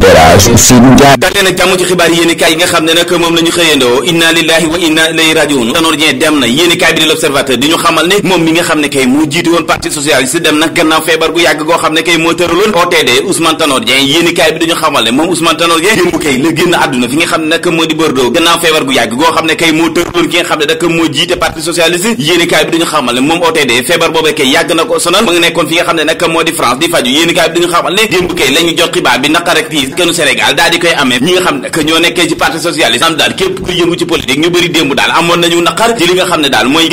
Elhadji Seydou Ndiaye dal leen ak jàmm ci xibaar yéenekaay yi nga xam ne nag moom la ñu xëyandoo inna lillahi wa inna ilayhi nga xam ne kay moo jiite na gannaaw feebar gu yàgg goo xam ne kay moo tëraloon OTD Ousmane Tanor Dieng moom Ousmane Tanor Dieng démb kay la génn boobee kay yàgg na ko sonal ma nekkoon fi nga xam ne nag moo di France di faju yéenekaay bi dañu xamal ne démb kay lañu jox xibaar bi naqar yi kenu Sénégal daal di koy amee ñi nga xam ne que ñoo nekkee ci parti socialiste am daal képp yëngu ci politique ñu bëri démb daal amoon nañu naqar ci li nga xam ne daal mooy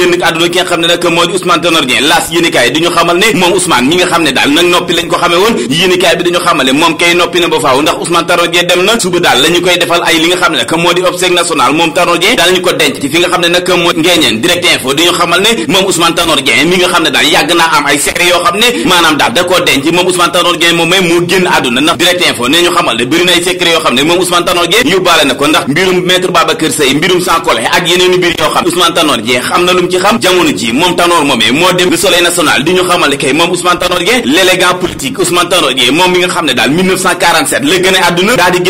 génn am ay secret yoo xam ne maanaam daal da koo denc moom Ousmane Tanor Dieng moom mooy génn àdduna ndax direct info ne ñu xamal ne bëri ay secret yoo xam ne moom Ousmane Tanor Dieng yóbbaale na ko ndax mbirum maître Babacar Seye mbirum Sankole ak yeneen mbir yoo xam Ousmane Tanor Dieng xam ne daal la gën a àdduna daal di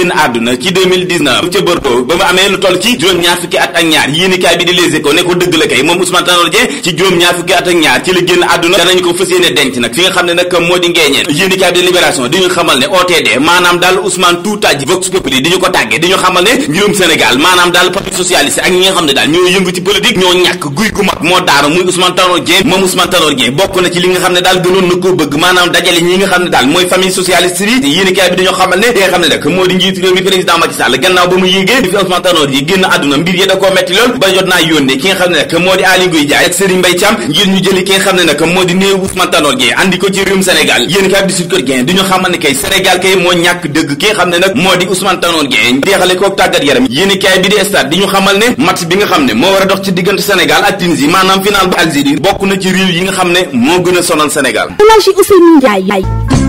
génn ne denc nag fi nga xam ne nag moo di ngeeñeen yéenekaay bi di di ñu xamal ne OTD maanaam daal Ousmane Toutaji Vox Populi di ñu xamal ne mbirum Sénégal maanaam daal parti socialiste ak ñi nga xam ne daal ñoo yëngu ci politique ñoo ñàkk guy gu moo daanu muy Ousmane Tanor moom di nga xam ne nag ci réewum Sénégal yéen kaay bi di ñu xamal ne kay Sénégal kay moo ñàkk dëgg ki nga xam ne nag moo di Ousmane Tanor Dieng jeexale ko tàggat yaram yéeni bi di stade di ñu xamal ne match bi nga xam ne moo war a dox ci diggante Sénégal ak Tunisie maanaam final bu Algérie bokk na ci réew yi nga xam ne moo gën a sonal Sénégal